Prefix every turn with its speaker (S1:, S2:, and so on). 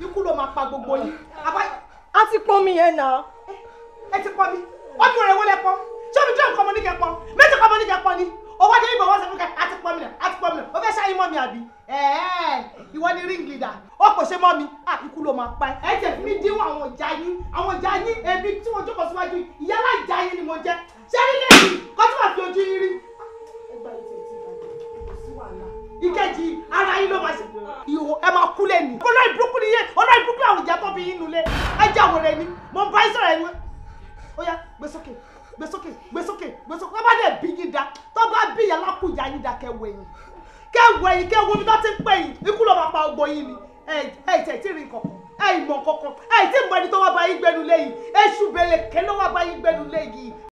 S1: ikú ló máa pa gbogbo yín. a ti pọn mi yẹn náà. ẹ ti pọn mi ọdún rẹ wọlé pọn ṣé omi dúró nǹkan mo ní kẹ pọn méjì kan mo ní kẹ pọn ni owó ajé ìbò wọn sọ fún kẹ a ti pọn mi náà a ti pọn mi náà o fẹ́ ṣáyé mọ́ mi àbí. ìwọ ni ring leader ó kò ṣe mọ́ mi à ikú ló máa pa ẹ. ẹ jẹ́ mi dín àwọn ìjà yín àwọn ìjà yín èmi tí mo jókòó síwájú ìyálà ìjà yín ni mo jẹ́ ṣé nílé yìí kọ́ tí wàá fi ojú yín rí. ìkejì ara yín ló máa ṣe. ìhò ẹ máa kú lẹ́nu. kó lóyún ti yé ọlọ́run kúkú àwọn ìjà tó bí yín nulẹ̀ ajá wẹ̀rẹ̀ ni mo bá yín sọ̀rọ̀ ẹ̀ wẹ́ ó yá gbé sókè gbé sókè wọ́n bá dẹ̀ bí yín da tó bá bí ìyá lákùjá yín da kẹwọ́ ẹ̀yìn kẹwọ́ ẹ̀yìn kẹwọ́ mi tó ti ń pẹ́ yìí ikú ló máa pa ọgbọ yín ni ẹ̀ ẹ̀ tẹ̀ tí rí nǹkan kan ẹ̀ ìmọ̀ kankan ẹ̀ tí mọ ẹni tó wá bá yín gbẹnu lẹ́yìn èṣù bẹ̀rẹ̀ kẹ́ ló wá bá yín gbẹnu lẹ́yìn